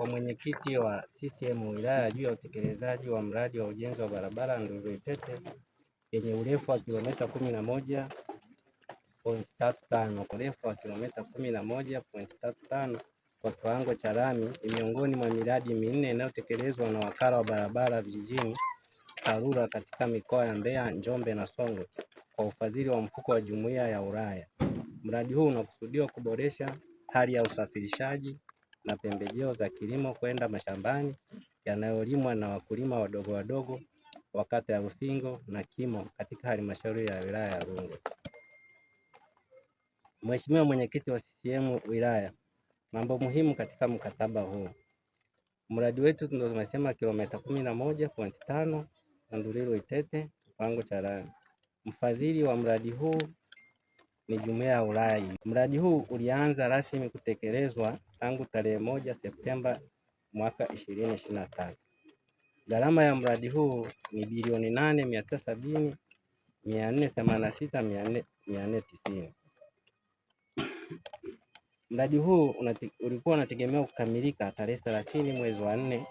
kwa mwenyekiti wa CCM wilaya juu ya utekelezaji wa mradi wa ujenzi wa barabara Ndulwe Itete yenye urefu wa kilomita kumi na moja tatu tano urefu wa kilomita kumi na moja tatu tano kwa kiwango cha lami ni miongoni mwa miradi minne inayotekelezwa na wakala wa barabara vijijini TARURA katika mikoa ya Mbeya, Njombe na Songwe kwa ufadhili wa mfuko wa Jumuiya ya Ulaya. Mradi huu unakusudiwa kuboresha hali ya usafirishaji na pembejeo za kilimo kwenda mashambani yanayolimwa na wakulima wadogo wadogo wa kata ya Rufingo na Kimo katika halmashauri ya wilaya ya Rungwe. Mheshimiwa mwenyekiti wa CCM wilaya, mambo muhimu katika mkataba huu. Mradi wetu ndio tunasema kilomita kumi na moja pointi tano Tandulilo Itete kiwango cha lami. Mfadhili wa mradi huu ni Jumuiya ya Ulaya. Mradi huu ulianza rasmi kutekelezwa tangu tarehe moja Septemba mwaka ishirini Gharama ya mradi huu ni bilioni nane mia mia Mradi huu ulikuwa unategemewa kukamilika tarehe 30 mwezi wa 4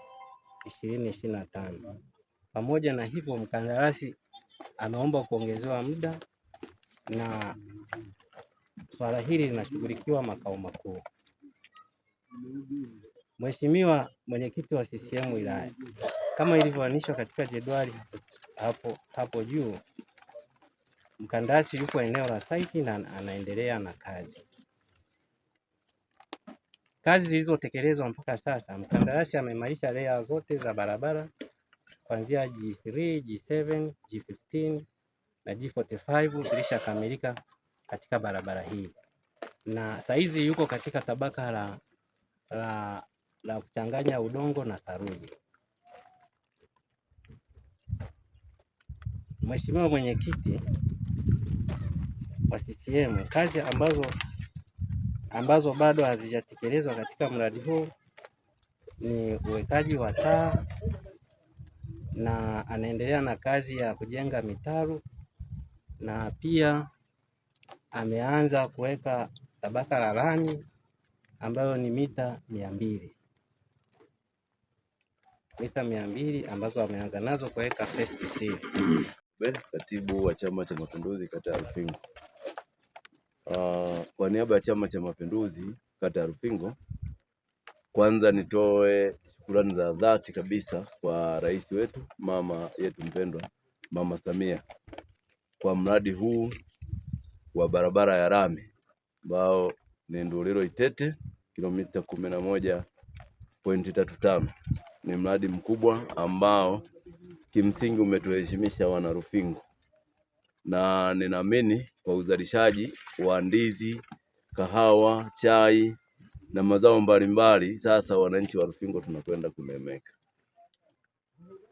2025. Pamoja na hivyo, mkandarasi ameomba kuongezewa muda na Swala hili linashughulikiwa makao makuu. Mheshimiwa mwenyekiti wa CCM wilaya, kama ilivyoanishwa katika jedwali hapo, hapo juu, mkandarasi yuko eneo la saiti na anaendelea na kazi. Kazi zilizotekelezwa mpaka sasa, mkandarasi amemalisha layer zote za barabara kuanzia G3, G7, G15 na G45 zilishakamilika katika barabara hii, na saizi yuko katika tabaka la, la, la kuchanganya udongo na saruji. Mheshimiwa mwenyekiti wa CCM, kazi ambazo ambazo bado hazijatekelezwa katika mradi huu ni uwekaji wa taa na anaendelea na kazi ya kujenga mitaru na pia ameanza kuweka tabaka la lami ambayo ni mita mia mbili mita mia mbili ambazo ameanza nazo kuweka first seal. Katibu wa Chama cha Mapinduzi kata ya Rufingo. Uh, ah, kwa niaba ya Chama cha Mapinduzi kata ya Rufingo, kwanza nitoe shukurani za dhati kabisa kwa rais wetu mama yetu mpendwa Mama Samia kwa mradi huu wa barabara ya rami ambao ni Ndulilo Itete kilomita kumi na moja pointi tatu tano. Ni mradi mkubwa ambao kimsingi umetuheshimisha wana Rufingo, na ninaamini kwa uzalishaji wa ndizi, kahawa, chai na mazao mbalimbali. Sasa wananchi wa rufingo tunakwenda kumemeka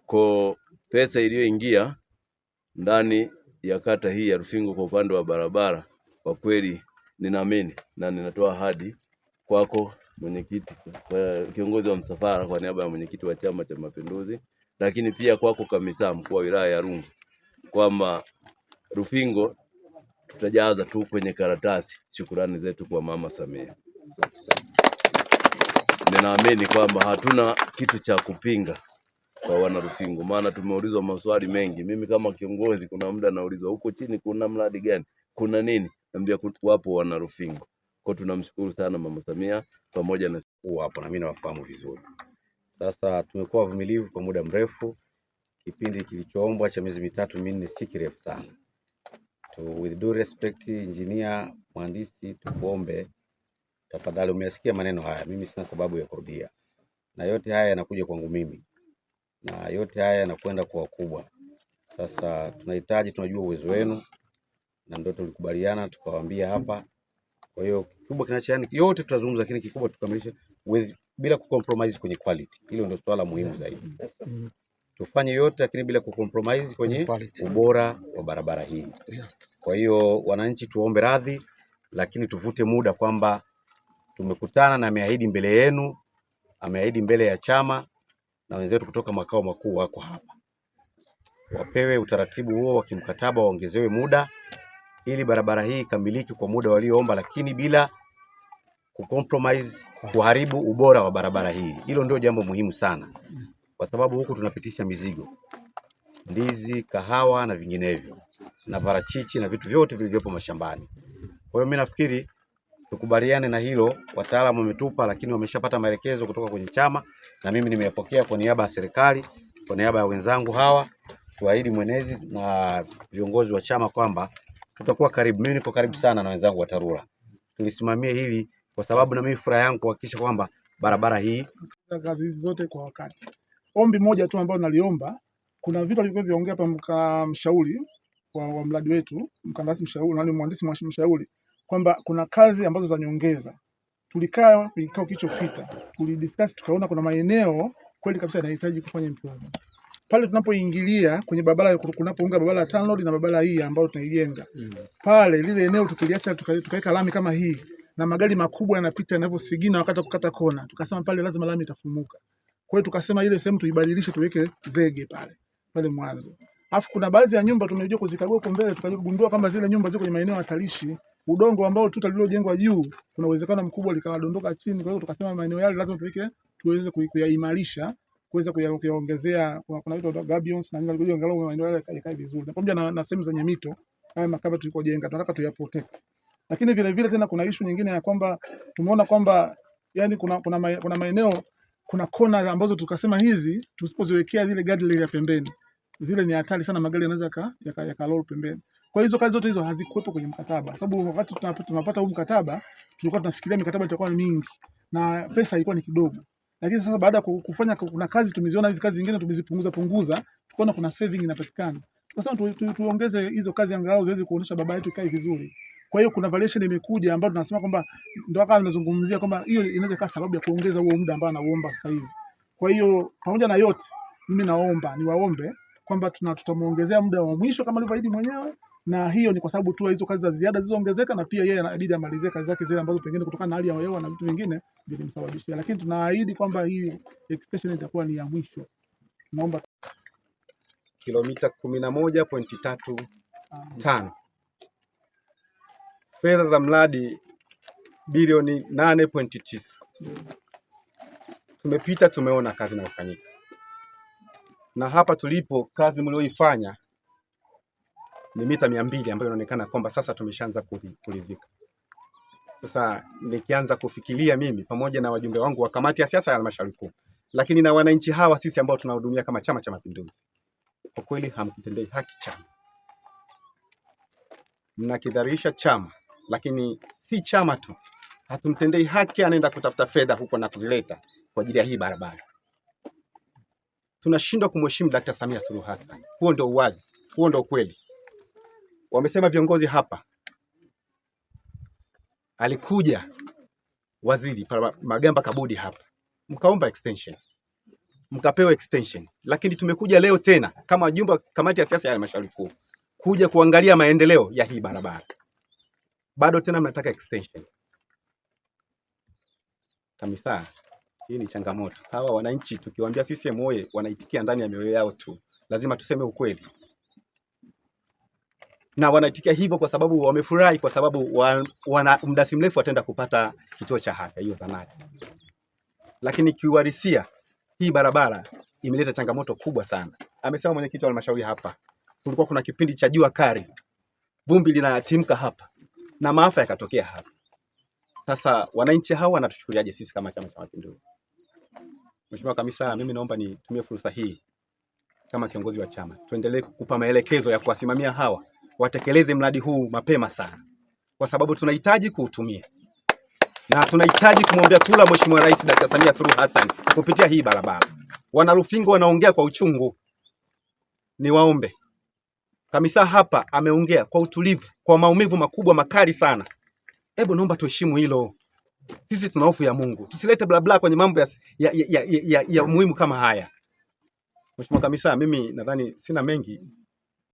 kwa pesa iliyoingia ndani ya kata hii ya Rufingo kwa upande wa barabara, kwa kweli ninaamini na ninatoa ahadi kwako mwenyekiti, kwa kiongozi wa msafara, kwa niaba ya mwenyekiti wa Chama cha Mapinduzi, lakini pia kwako kamisa mkuu wa wilaya ya Rungwe kwamba Rufingo tutajaza tu kwenye karatasi shukurani zetu kwa Mama Samia. Ninaamini kwamba hatuna kitu cha kupinga kwa wana Rufingu, maana tumeulizwa maswali mengi. Mimi kama kiongozi, kuna muda naulizwa huko chini, kuna mradi gani, kuna nini, naambia wapo wana Rufingu. Kwa tunamshukuru sana Mama Samia pamoja na kuwa hapo, na mimi nawafahamu vizuri. Sasa tumekuwa vumilivu kwa muda mrefu. Kipindi kilichoombwa cha miezi mitatu minne si kirefu sana. To with due respect, engineer mhandisi, tukuombe tafadhali, umeyasikia maneno haya, mimi sina sababu ya kurudia, na yote haya yanakuja kwangu mimi na yote haya yanakwenda kwa wakubwa. Sasa tunahitaji, tunajua uwezo wenu na ndio tulikubaliana tukawaambia hapa. Kwa hiyo kikubwa yani, yote tutazungumza, lakini kikubwa tukamilishe with, bila kucompromise kwenye quality. Hilo ndio swala muhimu zaidi. Mm. Tufanye yote lakini bila kucompromise kwenye ubora wa barabara hii. Kwa hiyo wananchi, tuombe radhi, lakini tuvute muda kwamba tumekutana na ameahidi mbele yenu, ameahidi mbele ya chama na wenzetu kutoka makao makuu wako hapa, wapewe utaratibu huo wa kimkataba, waongezewe muda ili barabara hii ikamiliki kwa muda walioomba, lakini bila kucompromise, kuharibu ubora wa barabara hii. Hilo ndio jambo muhimu sana, kwa sababu huku tunapitisha mizigo, ndizi, kahawa na vinginevyo na parachichi na vitu vyote vilivyopo mashambani. Kwa hiyo mimi nafikiri tukubaliane na hilo. Wataalamu wametupa, lakini wameshapata maelekezo kutoka kwenye chama, na mimi nimeyapokea kwa niaba ya serikali, kwa niaba ya wenzangu hawa. Tuahidi mwenezi na viongozi wa chama kwamba tutakuwa karibu. Mimi niko karibu sana na wenzangu wa TARURA, tulisimamie hili kwa sababu na mimi furaha yangu kuhakikisha kwamba barabara hii kazi hizi zote kwa wakati. Ombi moja tu ambalo naliomba, kuna vitu alivyoviongea hapa mshauri wa, wa mradi wetu mkandarasi mshauri na mwandisi mshauri kwamba kuna kazi ambazo za nyongeza. Tulikaa kikao kilichopita, tulidiscuss tukaona kuna maeneo kweli kabisa yanahitaji kufanya improvement pale tunapoingilia kwenye barabara kunapounga barabara ya Tanroads na barabara hii ambayo tunaijenga mm. Pale lile eneo tukiliacha tukaweka lami kama hii na magari makubwa yanapita yanavyosigina wakati kukata kona, tukasema pale lazima lami itafumuka. Kwa hiyo tukasema ile sehemu tuibadilishe, tuweke zege pale pale mwanzo. Alafu kuna baadhi ya nyumba tumejua kuzikagua huko mbele, tukagundua kwamba zile nyumba ziko kwenye maeneo hatarishi udongo ambao tuta lililojengwa juu kuna uwezekano mkubwa likawadondoka chini. Kwa hiyo tukasema maeneo yale lazima tuweke, tuweze kuyaimarisha kuweza kuyaongezea, kuna vitu gabions na ngalio ngalio maeneo yale yakae vizuri, na pamoja na sehemu zenye mito haya makaba tulikojenga tunataka protect. Lakini vile vile tena kuna issue nyingine ya kwamba tumeona kwamba yani kuna kuna, kuna maeneo kuna kona ambazo tukasema hizi tusipoziwekea zile guardrail ya pembeni zile ni hatari sana, magari yanaweza yakalol yaka pembeni kwa hizo kazi zote hizo hazikuwepo kwenye mkataba, sababu wakati tunapata huu mkataba tulikuwa tunafikiria mikataba itakuwa mingi na pesa ilikuwa ni kidogo, lakini sasa baada ya kufanya kuna kazi tumeziona hizi kazi zingine tumezipunguza punguza, tukaona kuna saving inapatikana, tukasema tu, tu, tuongeze hizo kazi angalau ziweze kuonesha baba yetu ikae vizuri. Kwa hiyo kuna variation imekuja ambayo tunasema kwamba ndio kama tunazungumzia kwamba hiyo inaweza kuwa sababu ya kuongeza huo muda ambao anaomba sasa hivi. Kwa hiyo pamoja na yote, mimi naomba niwaombe kwamba tutamuongezea muda wa mwisho kama alivyoahidi mwenyewe na hiyo ni kwa sababu tu hizo kazi za ziada zilizoongezeka, na pia yeye anabidi amalizie kazi zake zile ambazo pengine kutokana na hali ya hewa na vitu vingine vilimsababishia, lakini tunaahidi kwamba hii extension itakuwa ni ya mwisho. Naomba kilomita kumi na moja pointi tatu tano fedha za mradi bilioni nane pointi tisa Tumepita tumeona kazi inayofanyika, na hapa tulipo kazi mlioifanya ni mita mia mbili ambayo inaonekana kwamba sasa tumeshaanza kuridhika. Sasa nikianza kufikiria mimi pamoja na wajumbe wangu wa kamati ya siasa ya halmashauri kuu, lakini na wananchi hawa sisi ambao tunahudumia kama Chama cha Mapinduzi, kwa kweli hamkitendei haki chama, mnakidharisha chama. Lakini si chama tu, hatumtendei haki, anaenda kutafuta fedha huko na kuzileta kwa ajili ya hii barabara. Tunashindwa kumheshimu Dkt. Samia Suluhu Hassan. Huo ndio uwazi, huo ndio kweli wamesema viongozi hapa, alikuja waziri Magamba Kabudi hapa mkaomba extension mkapewa extension, lakini tumekuja leo tena kama wajumbe wa kamati ya siasa ya halmashauri kuu kuja kuangalia maendeleo ya hii barabara, bado tena mnataka extension. Kamisa, hii ni changamoto. Hawa wananchi tukiwaambia CCM oye, wanaitikia ndani ya mioyo yao tu. Lazima tuseme ukweli na wanaitikia hivyo kwa sababu wamefurahi, kwa sababu wana muda si mrefu wataenda kupata kituo cha afya hiyo zahanati. Lakini kiuhalisia hii barabara imeleta changamoto kubwa sana, amesema mwenyekiti wa halmashauri hapa. Kulikuwa kuna kipindi cha jua kali, vumbi linatimka hapa na maafa yakatokea hapa. Sasa wananchi hawa wanatuchukuliaje sisi kama Chama cha Mapinduzi? Mheshimiwa Kamisa, mimi naomba nitumie fursa hii kama kiongozi wa chama, tuendelee kukupa maelekezo ya kuwasimamia hawa watekeleze mradi huu mapema sana, kwa sababu tunahitaji kuutumia na tunahitaji kumwombea kula Mheshimiwa Rais Dr. Samia Suluhu Hassan kupitia hii barabara. Wanarufingo wanaongea kwa uchungu, ni waombe kamisa hapa ameongea kwa utulivu, kwa maumivu makubwa makali sana. Hebu naomba tuheshimu hilo. Sisi tuna hofu ya Mungu, tusilete blabla kwenye mambo ya, ya, ya, ya, ya, ya muhimu kama haya. Mheshimiwa Kamisa, mimi nadhani sina mengi.